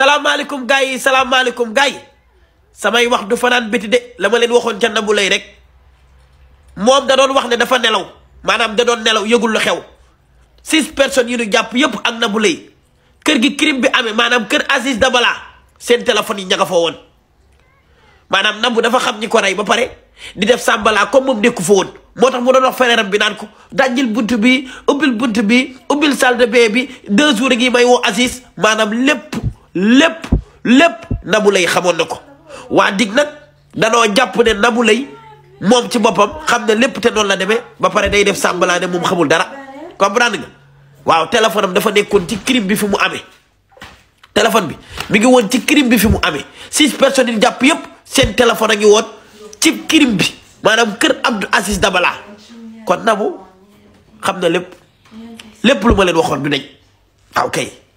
salaamaaleykum gars yi salaamaaleykum gars yi samay wax du fanaan biti de la leen waxoon janna bu lay rek moom da doon wax ne dafa nelaw maanaam da doon nelaw yëgul lu xew six personnes yi ñu jàpp yëpp ak na bu lay kër gi crime bi amee maanaam kër Aziz Dabala seen téléphone yi ña nga fa woon maanaam Nabou dafa xam ñi ko rey ba pare di def sàmbalaa comme moom nekku fa woon moo tax mu doon wax fereeram bi naan ko dàjjil bunt bi ubbil bunt bi ubbil salle de bain bi deux may woo Aziz maanaam lépp lépp lépp Nabou lay xamoon na ko waa dig nag danoo jàpp ne Nabou Leye moom ci boppam xam ne lépp te noonu la demee ba pare day def sàmbalaa ne moom xamul dara comprendre waaw téléphone am dafa nekkoon ci crime bi fi mu amee téléphone bi mi ngi woon ci crime bi fi mu amee six personnes jàpp yépp seen téléphone a ngi woon ci crime bi maanaam kër Abdou Aziz Dabala kon Nabou xam na lépp lépp lu ma leen waxoon du dañ kay